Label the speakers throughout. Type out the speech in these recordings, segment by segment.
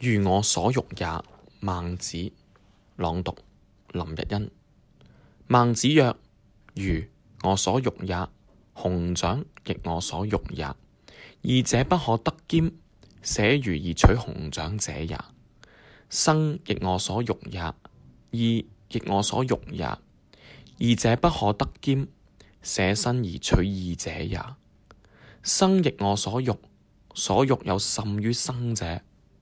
Speaker 1: 魚我所欲也，孟子朗讀林日欣。孟子曰，魚我所欲也，熊掌亦我所欲也，二者不可得兼，捨魚而取熊掌者也。生亦我所欲也，義亦我所欲也，二者不可得兼，捨生而取義者也。生亦我所欲，所欲有甚於生者。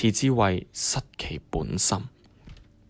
Speaker 1: 此之謂失其本心。